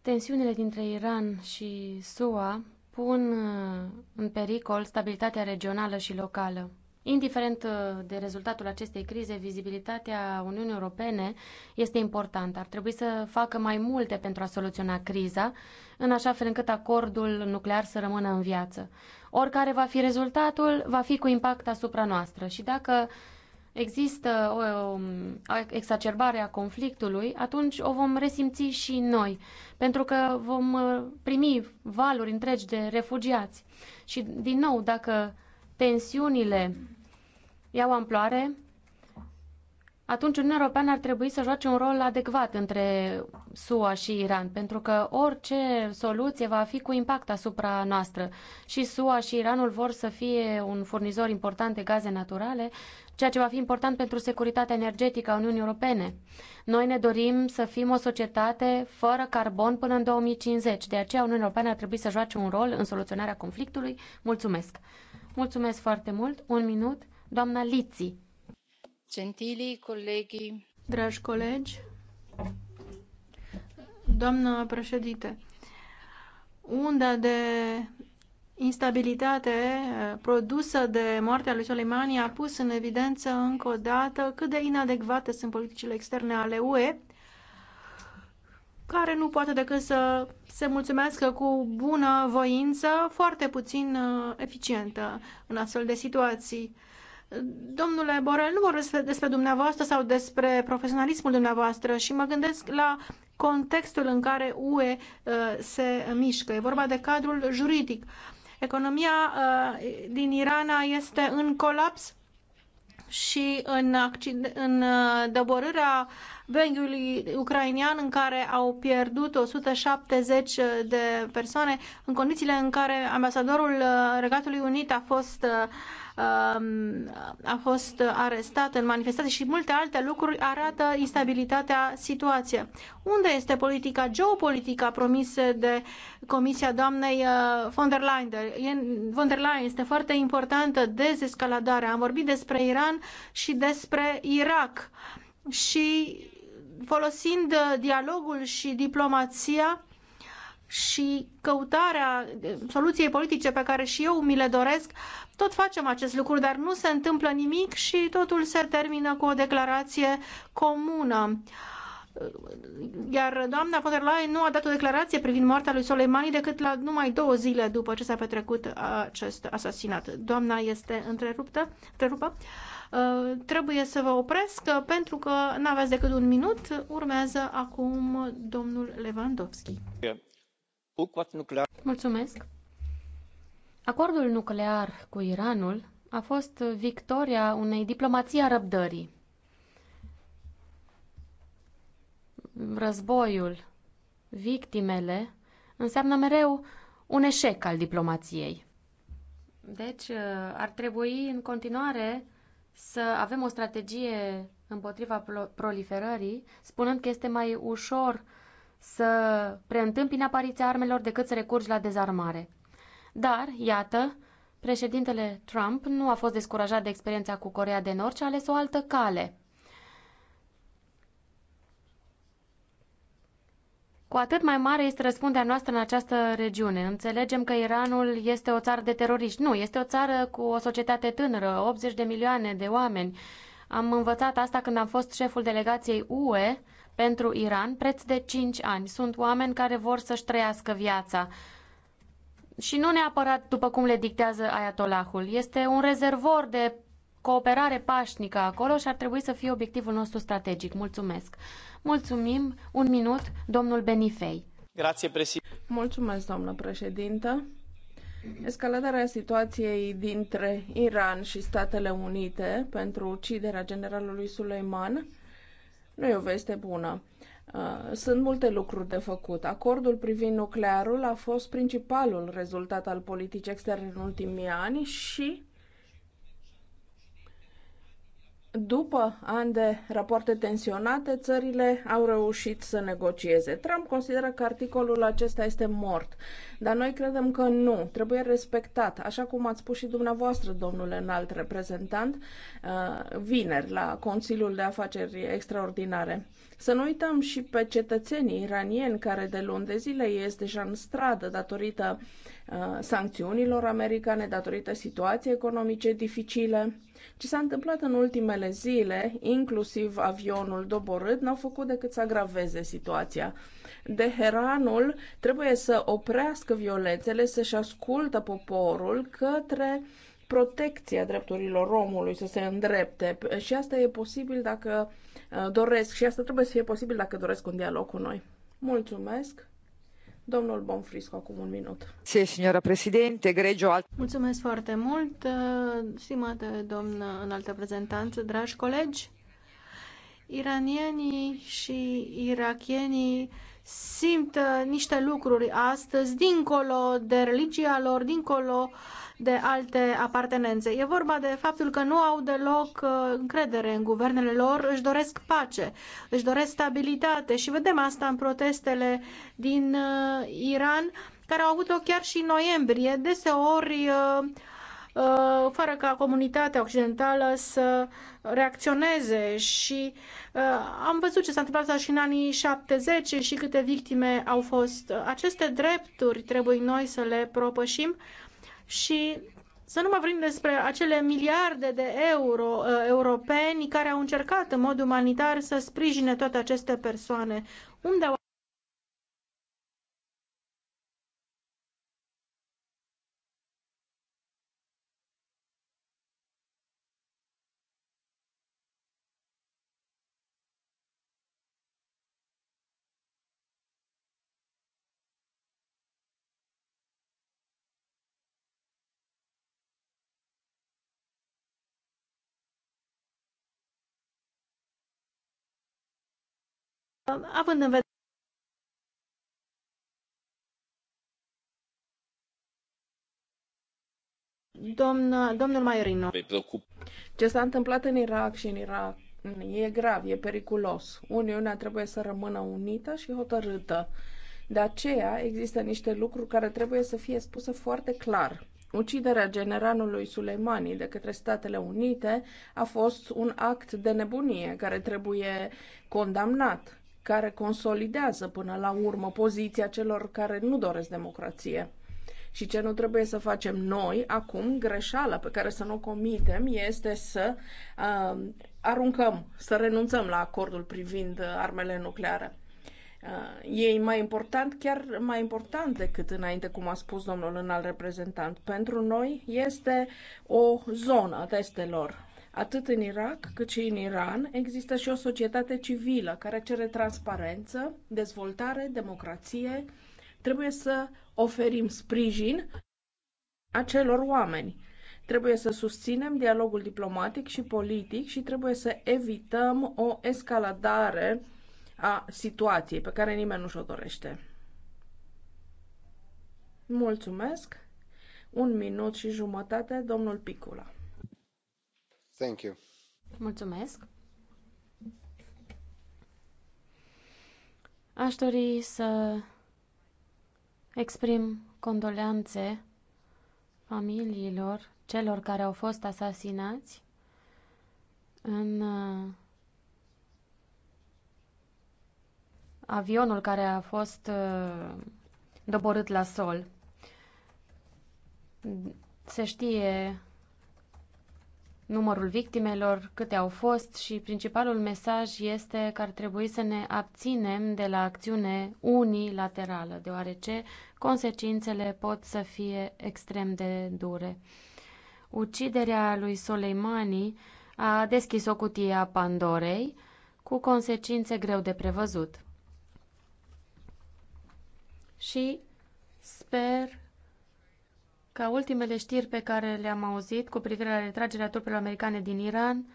Speaker 6: Tensiunile dintre Iran și SUA pun uh, în pericol stabilitatea regională și locală. Indiferent uh, de rezultatul acestei crize, vizibilitatea Uniunii Europene este importantă. Ar trebui să facă mai multe pentru a soluționa criza, în așa fel încât acordul nuclear să rămână în viață. Oricare va fi rezultatul, va fi cu impact asupra noastră. Și dacă există o exacerbare um, a conflictului, atunci o vom resimți și noi, pentru că vom uh, primi valuri întregi de refugiați. Și, din nou, dacă tensiunile iau amploare, atunci Uniunea Europeană ar trebui să joace un rol adecvat între SUA și Iran, pentru că orice soluție va fi cu impact asupra noastră. Și SUA și Iranul vor să fie un furnizor important de gaze naturale ceea ce va fi important pentru securitatea energetică a Uniunii Europene. Noi ne dorim să fim o societate fără carbon până în 2050, de aceea Uniunea Europeană ar trebui să joace un rol în soluționarea conflictului. Mulțumesc! Mulțumesc foarte mult! Un minut, doamna Liții. Gentilii
Speaker 4: colegi.
Speaker 6: Dragi colegi,
Speaker 7: doamnă președinte, unda de instabilitate eh, produsă de moartea lui Soleimani a pus în evidență încă o dată cât de inadecvate sunt politicile externe ale UE, care nu poate decât să se mulțumească cu bună voință, foarte puțin eh, eficientă în astfel de situații. Domnule Borel, nu vorbesc despre dumneavoastră sau despre profesionalismul dumneavoastră și mă gândesc la contextul în care UE eh, se mișcă. E vorba de cadrul juridic. Uh, Economia uh, din Irana este în colaps și în, în uh, dăborârea vengiului ucrainian în care au pierdut 170 de persoane în condițiile în care ambasadorul uh, Regatului Unit a fost uh, Um, a fost arestat în manifestații și multe alte lucruri arată instabilitatea situației. Unde este politica geopolitică promisă de Comisia doamnei uh, von der Leyen? Von der Leyen este foarte importantă dezescaladarea. Am vorbit despre Iran și despre Irak și folosind uh, dialogul și diplomația și căutarea soluției politice pe care și eu mi le doresc, tot facem acest lucru, dar nu se întâmplă nimic și totul se termină cu o declarație comună. Iar doamna von der Leyen nu a dat o declarație privind moartea lui Soleimani decât la numai două zile după ce s-a petrecut acest asasinat. Doamna este întreruptă, întrerupă. Uh, trebuie să vă opresc uh, pentru că nu aveți decât un minut. Urmează
Speaker 6: acum domnul Lewandowski. Yeah. Mulțumesc. Acordul nuclear cu Iranul a fost victoria unei diplomații a răbdării. Războiul, victimele, înseamnă mereu un eșec al diplomației. Deci uh, ar trebui în continuare să avem o strategie împotriva proliferării, spunând că este mai ușor uh, să preîntâmpine apariția armelor decât să recurgi la dezarmare. Dar, iată, președintele Trump nu a fost descurajat de experiența cu Corea de Nord și a ales o altă cale. Cu atât mai mare este răspunderea noastră în această regiune. Înțelegem că Iranul este o țară de teroriști. Nu, este o țară cu o societate tânără, 80 de milioane de oameni. Am învățat asta când am fost șeful delegației UE pentru Iran, preț de 5 ani. Sunt oameni care vor să-și trăiască viața și nu neapărat după cum le dictează Ayatollahul. Este un rezervor de cooperare pașnică acolo și ar trebui să fie obiectivul nostru strategic. Mulțumesc. Mulțumim. Un
Speaker 3: minut, domnul Benifei. Grație, Mulțumesc, doamnă președintă. Escaladarea situației dintre Iran și Statele Unite pentru uciderea generalului Suleiman nu e o veste bună. Uh, sunt multe lucruri de făcut. Acordul privind nuclearul a fost principalul rezultat al politicii externe în ultimii ani și după ani de rapoarte tensionate, țările au reușit să negocieze. Trump consideră că articolul acesta este mort, dar noi credem că nu, trebuie respectat, așa cum ați spus și dumneavoastră, domnule înalt reprezentant, uh, vineri la Consiliul de Afaceri Extraordinare. Să nu uităm și pe cetățenii iranieni care de luni de zile ies deja în stradă datorită uh, sancțiunilor americane, datorită situației economice dificile ce s-a întâmplat în ultimele zile, inclusiv avionul doborât, n-au făcut decât să agraveze situația. Deheranul trebuie să oprească violențele, să-și ascultă poporul către protecția drepturilor omului să se îndrepte și asta e posibil dacă uh, doresc și asta trebuie să fie posibil dacă doresc un dialog cu noi. Mulțumesc! Domnul Bonfrisco, acum un minut. Se, signora președinte, gregio alt...
Speaker 7: Mulțumesc foarte mult, stimată în altă prezentanță, dragi colegi. Iranienii și irachienii simt niște lucruri astăzi, dincolo de religia lor, dincolo uh, de alte apartenențe. E vorba de faptul că nu au deloc uh, încredere în guvernele lor, își doresc pace, își doresc stabilitate și vedem asta în protestele din uh, Iran, care au avut o chiar și în noiembrie, deseori uh, fără ca comunitatea occidentală să reacționeze și am văzut ce s-a întâmplat și în anii 70 și câte victime au fost. Aceste drepturi trebuie noi să le propășim și să nu mă vorbim despre acele miliarde de euro ă, europeni care au încercat în mod umanitar să sprijine toate aceste persoane. Unde au având în vedere
Speaker 3: Domn, domnul Maiorino, ce s-a întâmplat în Irak și în Irak e grav, e periculos. Uniunea trebuie să rămână unită și hotărâtă. De aceea există niște lucruri care trebuie să fie spuse foarte clar. Uciderea generalului Suleimani de către Statele Unite a fost un act de nebunie care trebuie condamnat care consolidează până la urmă poziția celor care nu doresc democrație. Și ce nu trebuie să facem noi acum, greșeala pe care să nu o comitem, este să uh, aruncăm, să renunțăm la acordul privind armele nucleare. Uh, e mai important, chiar mai important decât înainte, cum a spus domnul înalt reprezentant. Pentru noi este o zonă testelor Atât în Irak cât și în Iran există și o societate civilă care cere transparență, dezvoltare, democrație. Trebuie să oferim sprijin acelor oameni. Trebuie să susținem dialogul diplomatic și politic și trebuie să evităm o escaladare a situației pe care nimeni nu și-o dorește. Mulțumesc! Un minut și jumătate, domnul Picula. Thank you. Mulțumesc.
Speaker 6: Aș dori să exprim condoleanțe familiilor celor care au fost asasinați în uh, avionul care a fost uh, doborât la sol. Se știe numărul victimelor, câte au fost și principalul mesaj este că ar trebui să ne abținem de la acțiune unilaterală, deoarece consecințele pot să fie extrem de dure. Uciderea lui Soleimani a deschis o cutie a Pandorei cu consecințe greu de prevăzut. Și sper ca ultimele știri pe care le-am auzit cu privire la retragerea trupelor americane din Iran,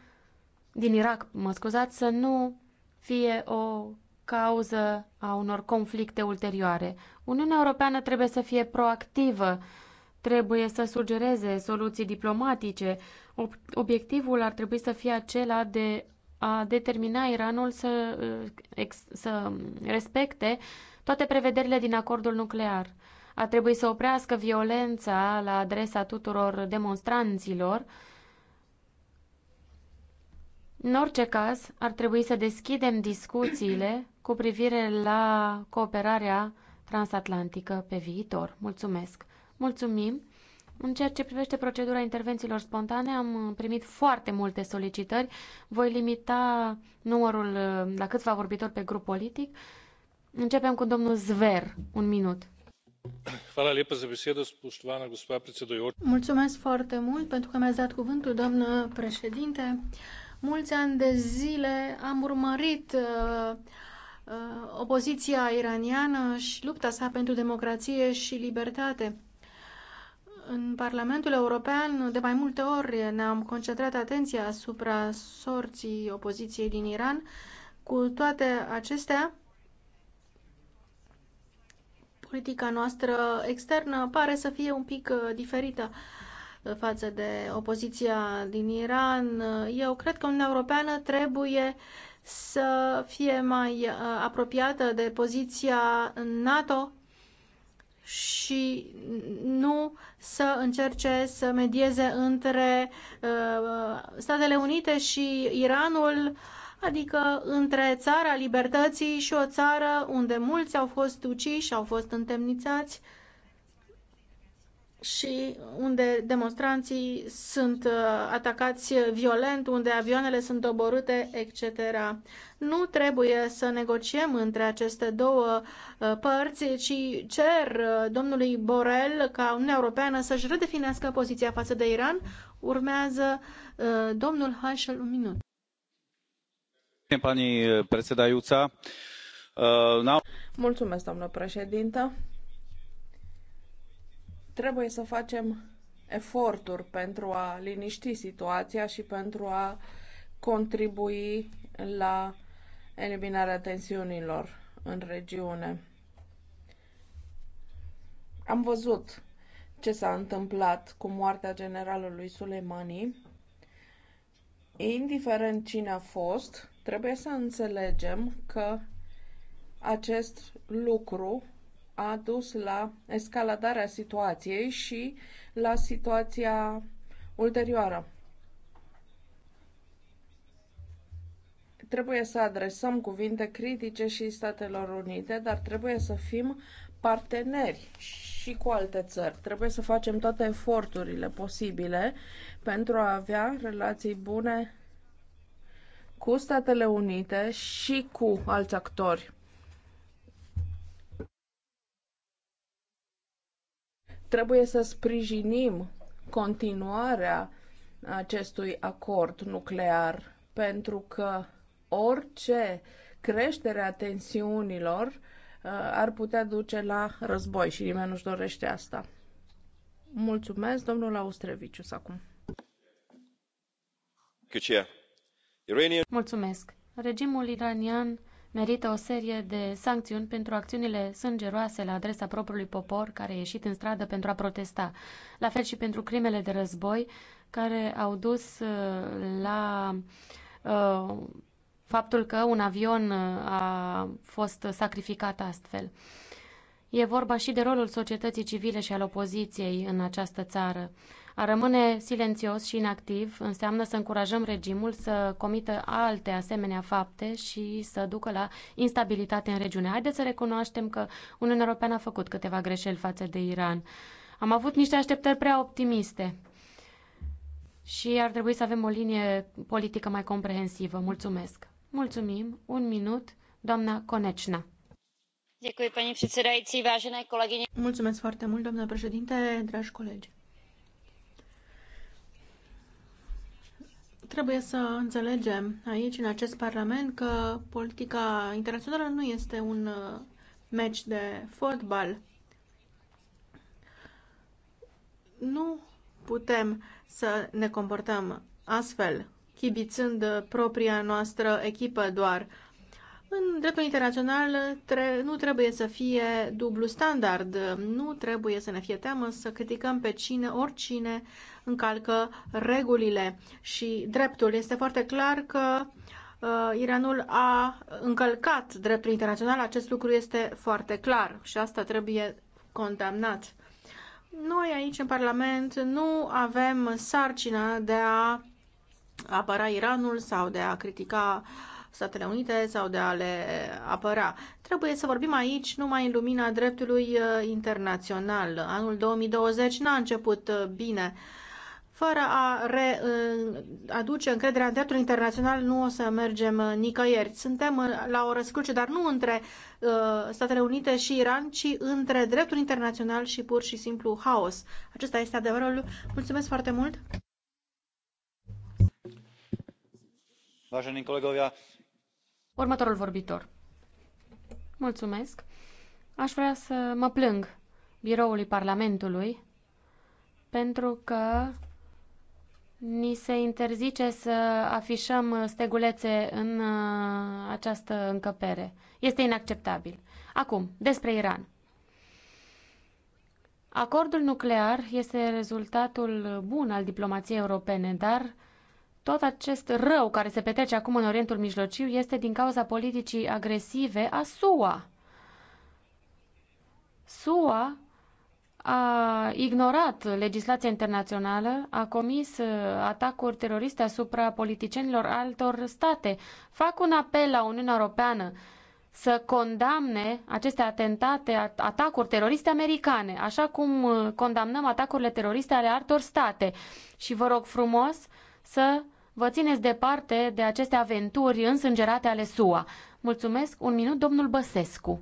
Speaker 6: din Irak, mă scuzați, să nu fie o cauză a unor conflicte ulterioare. Uniunea Europeană trebuie să fie proactivă, trebuie să sugereze soluții diplomatice. Obiectivul ar trebui să fie acela de a determina Iranul să, uh, să respecte toate prevederile din acordul nuclear ar trebui să oprească violența la adresa tuturor demonstranților. În orice caz, ar trebui să deschidem discuțiile cu privire la cooperarea transatlantică pe viitor. Mulțumesc! Mulțumim! În ceea ce privește procedura intervențiilor spontane, am primit foarte multe solicitări. Voi limita numărul uh, la câțiva vorbitori pe grup politic. Începem cu domnul Zver, un minut.
Speaker 7: Mulțumesc foarte mult pentru că mi-ați dat cuvântul, doamnă președinte. Mulți ani de zile am urmărit uh, uh, opoziția iraniană și lupta sa pentru democrație și libertate. În Parlamentul European, de mai multe ori ne-am concentrat atenția asupra sorții opoziției din Iran. Cu toate acestea, politica noastră externă pare să fie un pic uh, diferită uh, față de opoziția din Iran. Uh, eu cred că Uniunea Europeană trebuie să fie mai apropiată de poziția NATO și nu să încerce să medieze între Statele Unite și Iranul adică între țara libertății și o țară unde mulți au fost uciși, au fost întemnițați și unde demonstranții sunt uh, atacați violent, unde avioanele sunt doborâte, etc. Nu trebuie să negociem între aceste două uh, părți, ci cer uh, domnului Borel ca Uniunea Europeană să-și redefinească poziția față de Iran. Urmează domnul Hașel un
Speaker 3: minut. Mulțumesc, doamnă președintă. Trebuie să facem eforturi pentru a liniști situația și pentru a contribui la eliminarea tensiunilor în regiune. Am văzut ce s-a întâmplat cu moartea generalului Sulemani. Indiferent cine a fost, Trebuie să înțelegem că acest lucru a dus la escaladarea situației și la situația ulterioară. Trebuie să adresăm cuvinte critice și Statelor Unite, dar trebuie să fim parteneri și cu alte țări. Trebuie să facem toate eforturile posibile pentru a avea relații bune cu Statele Unite și cu alți actori. Trebuie să sprijinim continuarea acestui acord nuclear, pentru că orice creștere a tensiunilor uh, ar putea duce la război și nimeni nu-și dorește asta. Mulțumesc, domnul Austrevicius, acum.
Speaker 6: ce? Mulțumesc. Regimul iranian merită o serie de sancțiuni pentru acțiunile sângeroase la adresa propriului popor care a ieșit în stradă pentru a protesta, la fel și pentru crimele de război care au dus uh, la uh, faptul că un avion uh, a fost sacrificat astfel. E vorba și de rolul societății civile și al opoziției în această țară. A rămâne silențios și inactiv înseamnă să încurajăm regimul să comită alte asemenea fapte și să ducă la instabilitate în regiune. Haideți să recunoaștem că Uniunea Europeană a făcut câteva greșeli față de Iran. Am avut niște așteptări prea optimiste și ar trebui să avem o linie politică mai comprehensivă. Mulțumesc! Mulțumim! Un minut, doamna Conecna paní předsedající vážené kolegyně.
Speaker 7: Mulțumesc foarte mult, doamna președinte, dragi colegi. Trebuie să înțelegem aici, în acest Parlament, că politica internațională nu este un uh, meci de fotbal. Nu putem să ne comportăm astfel, chibițând uh, propria noastră echipă doar. În dreptul internațional tre- nu trebuie să fie dublu standard, nu trebuie să ne fie teamă să criticăm pe cine, oricine, uh, încalcă regulile și dreptul. Este foarte clar că uh, Iranul a încălcat dreptul internațional, acest lucru este foarte clar și asta trebuie condamnat. Noi aici în Parlament nu avem sarcina de a apăra Iranul sau de a critica Statele Unite sau de a le apăra. Trebuie să vorbim aici numai în lumina dreptului uh, internațional. Anul 2020 n-a început uh, bine. Uh, fără a re, aduce încrederea în dreptul internațional, nu o să mergem uh, nicăieri. Suntem uh, la o răscruce, dar nu între uh, Statele Unite și Iran, ci între dreptul internațional și pur și simplu haos. Acesta este adevărul. Mulțumesc foarte mult!
Speaker 6: Următorul vorbitor. Mulțumesc. Aș vrea să mă plâng biroului Parlamentului pentru că Ni se interzice să afișăm stegulețe în uh, această încăpere. Este inacceptabil. Acum, despre Iran. Acordul nuclear este rezultatul bun al diplomației europene, dar tot acest rău care se petrece acum în Orientul Mijlociu este din cauza politicii agresive a SUA. SUA a ignorat legislația internațională, a comis uh, atacuri teroriste asupra politicienilor altor state. Fac un apel la Uniunea Europeană să condamne aceste atentate, atacuri teroriste americane, așa cum uh, condamnăm atacurile teroriste ale altor state. Și vă rog frumos să vă țineți departe de aceste aventuri însângerate ale SUA. Mulțumesc. Un minut, domnul Băsescu.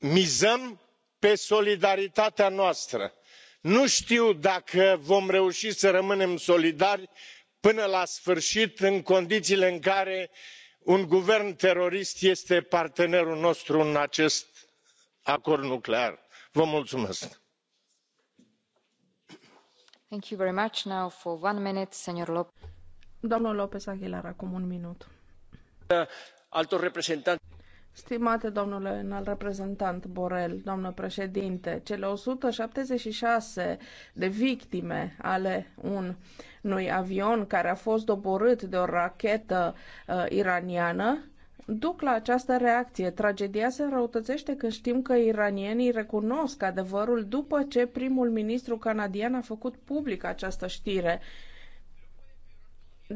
Speaker 5: mizăm pe solidaritatea noastră. nu știu dacă vom reuși să rămânem solidari până la sfârșit în condițiile în care un guvern terorist este partenerul nostru în acest acord nuclear. vă mulțumesc.
Speaker 3: aguilar un minut. Stimate domnule înalt reprezentant Borel, domnule președinte, cele 176 de victime ale unui avion care a fost doborât de o rachetă uh, iraniană duc la această reacție. Tragedia se răutățește când știm că iranienii recunosc adevărul după ce primul ministru canadian a făcut public această știre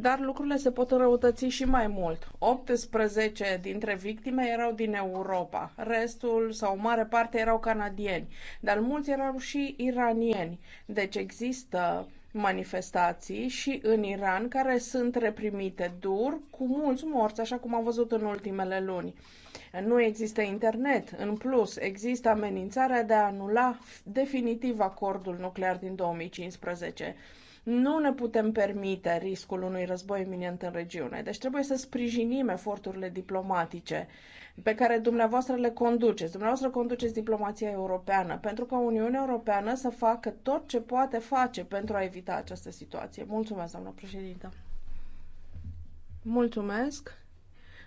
Speaker 3: dar lucrurile se pot înrăutăți și mai mult. 18 dintre victime erau din Europa, restul sau o mare parte erau canadieni, dar mulți erau și iranieni. Deci există manifestații și în Iran care sunt reprimite dur cu mulți morți, așa cum am văzut în ultimele luni. Nu există internet. În plus, există amenințarea de a anula definitiv acordul nuclear din 2015. Nu ne putem permite riscul unui război iminent în regiune, deci trebuie să sprijinim eforturile diplomatice pe care dumneavoastră le conduceți. Dumneavoastră conduceți diplomația europeană pentru ca Uniunea Europeană să facă tot ce poate face pentru a evita această situație. Mulțumesc, doamnă președintă. Mulțumesc.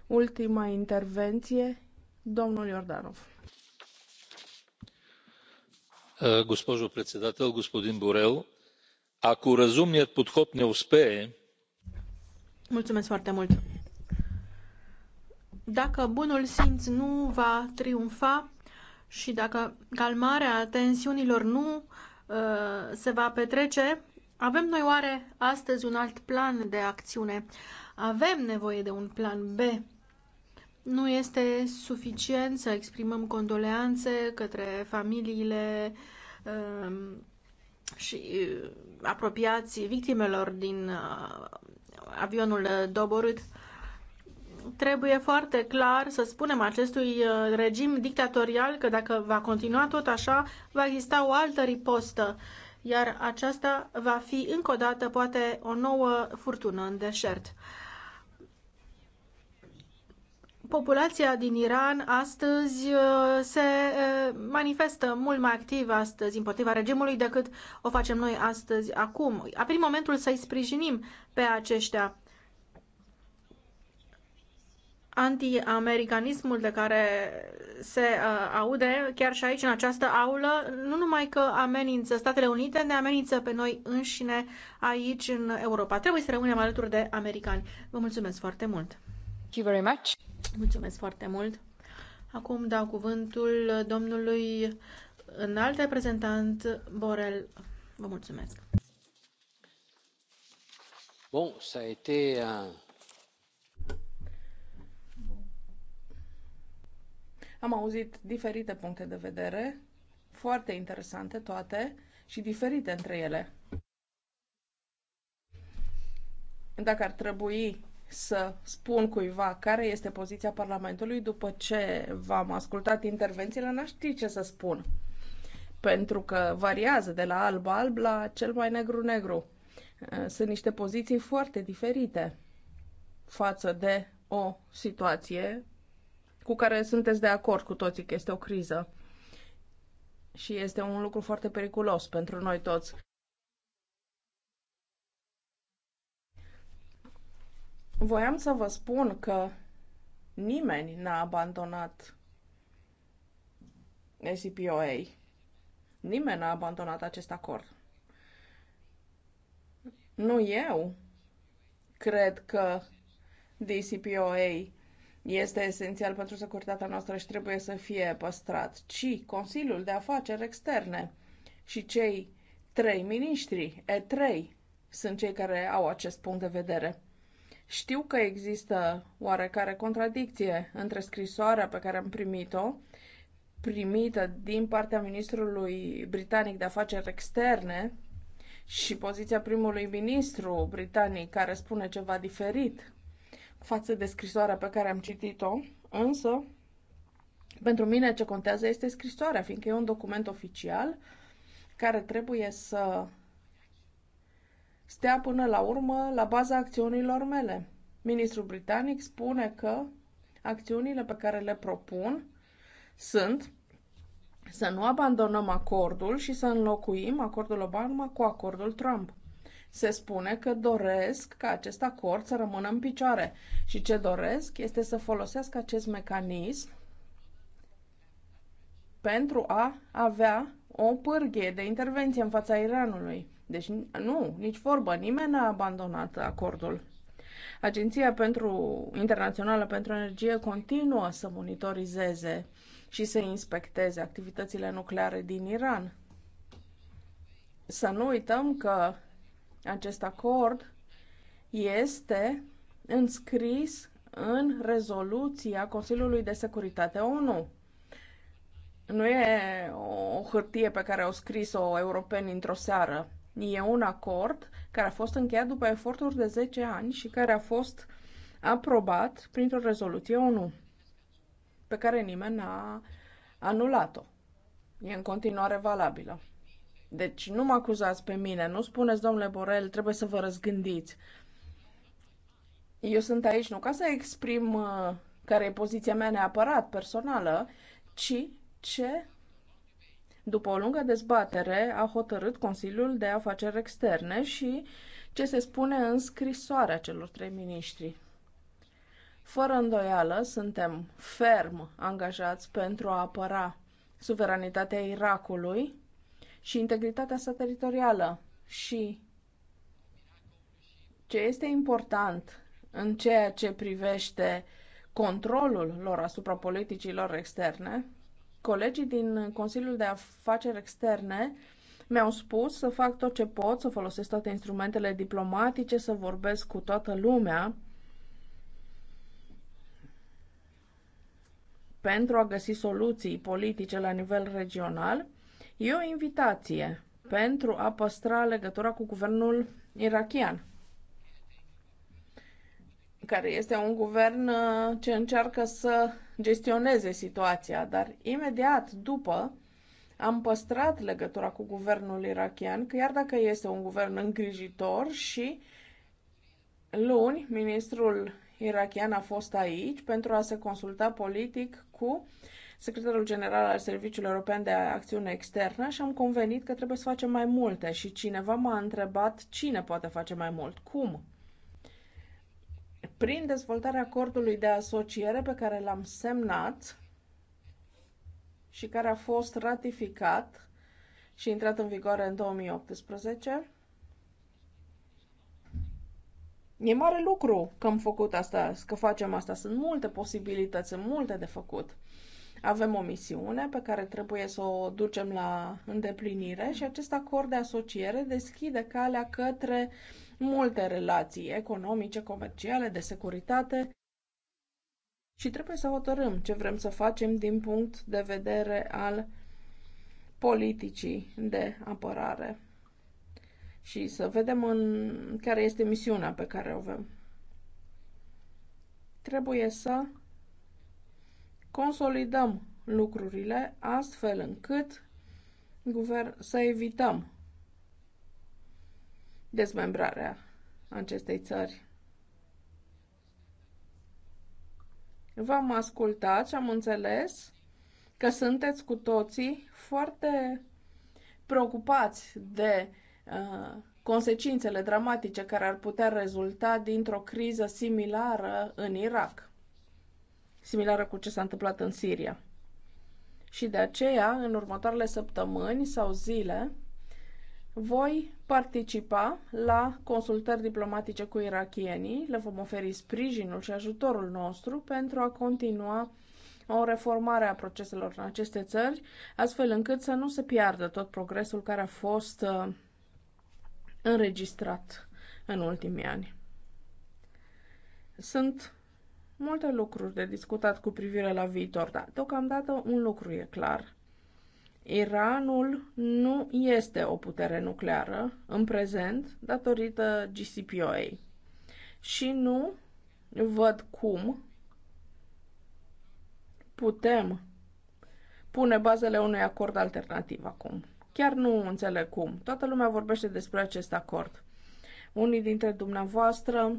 Speaker 3: Ultima intervenție, domnul Iordanov.
Speaker 5: Госпожо председател, господин Борел, Ако разумният подход не успее,
Speaker 7: Mulțumesc foarte mult. Dacă bunul simț nu va triumfa și dacă calmarea tensiunilor nu uh, se va petrece, avem noi oare astăzi un alt plan de acțiune? Avem nevoie de un plan B. Nu este suficient să exprimăm condoleanțe către familiile uh, și uh, apropiații victimelor din uh, avionul uh, doborât. Trebuie foarte clar să spunem acestui regim dictatorial că dacă va continua tot așa, va exista o altă ripostă, iar aceasta va fi încă o dată poate o nouă furtună în deșert. Populația din Iran astăzi uh, se uh, manifestă mult mai activ astăzi împotriva regimului decât o facem noi astăzi, acum. A primit momentul să-i sprijinim pe aceștia. americanismul de care se uh, aude chiar și aici, în această aulă, nu numai că amenință Statele Unite, ne amenință pe noi înșine aici, în Europa. Trebuie să rămânem alături de americani. Vă mulțumesc foarte mult! Mulțumesc foarte mult. Acum dau cuvântul domnului înalt reprezentant Borel. Vă
Speaker 2: mulțumesc.
Speaker 6: Bun, s a été un...
Speaker 3: Am auzit diferite puncte de vedere, foarte interesante toate și diferite între ele. Dacă ar trebui să spun cuiva care este poziția Parlamentului după ce v-am ascultat intervențiile, n-aș ști ce să spun. Pentru că variază de la alb-alb la cel mai negru-negru. Eh, sunt niște poziții foarte diferite față de o situație cu care sunteți de acord cu toții că este o criză. Și este un lucru foarte periculos pentru noi toți. Voiam să vă spun că nimeni n-a abandonat SCPOA. Nimeni n-a abandonat acest acord. Nu eu cred că DCPOA este esențial pentru securitatea noastră și trebuie să fie păstrat, ci Consiliul de Afaceri Externe și cei trei miniștri, E3, sunt cei care au acest punct de vedere. Știu că există oarecare contradicție între scrisoarea pe care am primit-o, primită din partea ministrului britanic de afaceri externe, și poziția primului ministru britanic care spune ceva diferit față de scrisoarea pe care am citit-o, însă pentru mine ce contează este scrisoarea, fiindcă e un document oficial care trebuie să stea până la urmă la baza acțiunilor mele. Ministrul britanic spune că acțiunile pe care le propun sunt să nu abandonăm acordul și să înlocuim acordul Obama cu acordul Trump. Se spune că doresc ca acest acord să rămână în picioare și ce doresc este să folosească acest mecanism pentru a avea o pârghie de intervenție în fața Iranului. Deci nu, nici vorbă, nimeni n-a abandonat acordul. Agenția pentru, Internațională pentru Energie continuă să monitorizeze și să inspecteze activitățile nucleare din Iran. Să nu uităm că acest acord este înscris în rezoluția Consiliului de Securitate ONU. Nu e o hârtie pe care au scris-o europeni într-o seară. E un acord care a fost încheiat după eforturi de 10 ani și care a fost aprobat printr-o rezoluție ONU, pe care nimeni n-a anulat-o. E în continuare valabilă. Deci nu mă acuzați pe mine, nu spuneți, domnule Borel, trebuie să vă răzgândiți. Eu sunt aici nu ca să exprim uh, care e poziția mea neapărat personală, ci ce după o lungă dezbatere, a hotărât Consiliul de Afaceri Externe și ce se spune în scrisoarea celor trei miniștri. Fără îndoială, suntem ferm angajați pentru a apăra suveranitatea Irakului și integritatea sa teritorială și ce este important în ceea ce privește controlul lor asupra politicilor externe Colegii din Consiliul de Afaceri Externe mi-au spus să fac tot ce pot, să folosesc toate instrumentele diplomatice, să vorbesc cu toată lumea pentru a găsi soluții politice la nivel regional. E o invitație pentru a păstra legătura cu guvernul irachian care este un guvern uh, ce încearcă să gestioneze situația, dar imediat după am păstrat legătura cu guvernul irachian, iar dacă este un guvern îngrijitor și luni ministrul irachian a fost aici pentru a se consulta politic cu secretarul general al Serviciului European de Acțiune Externă și am convenit că trebuie să facem mai multe și cineva m-a întrebat cine poate face mai mult, cum prin dezvoltarea acordului de asociere pe care l-am semnat și care a fost ratificat și intrat în vigoare în 2018, E mare lucru că am făcut asta, că facem asta. Sunt multe posibilități, sunt multe de făcut. Avem o misiune pe care trebuie să o ducem la îndeplinire și acest acord de asociere deschide calea către multe relații economice, comerciale, de securitate și trebuie să hotărâm ce vrem să facem din punct de vedere al politicii de apărare și să vedem în care este misiunea pe care o avem. Trebuie să consolidăm lucrurile astfel încât să evităm dezmembrarea acestei țări. V-am ascultat și am înțeles că sunteți cu toții foarte preocupați de uh, consecințele dramatice care ar putea rezulta dintr-o criză similară în Irak similară cu ce s-a întâmplat în Siria. Și de aceea, în următoarele săptămâni sau zile, voi participa la consultări diplomatice cu irachienii, le vom oferi sprijinul și ajutorul nostru pentru a continua o reformare a proceselor în aceste țări, astfel încât să nu se piardă tot progresul care a fost uh, înregistrat în ultimii ani. Sunt multe lucruri de discutat cu privire la viitor, dar deocamdată un lucru e clar. Iranul nu este o putere nucleară în prezent datorită GCPOA și nu văd cum putem pune bazele unui acord alternativ acum. Chiar nu înțeleg cum. Toată lumea vorbește despre acest acord. Unii dintre dumneavoastră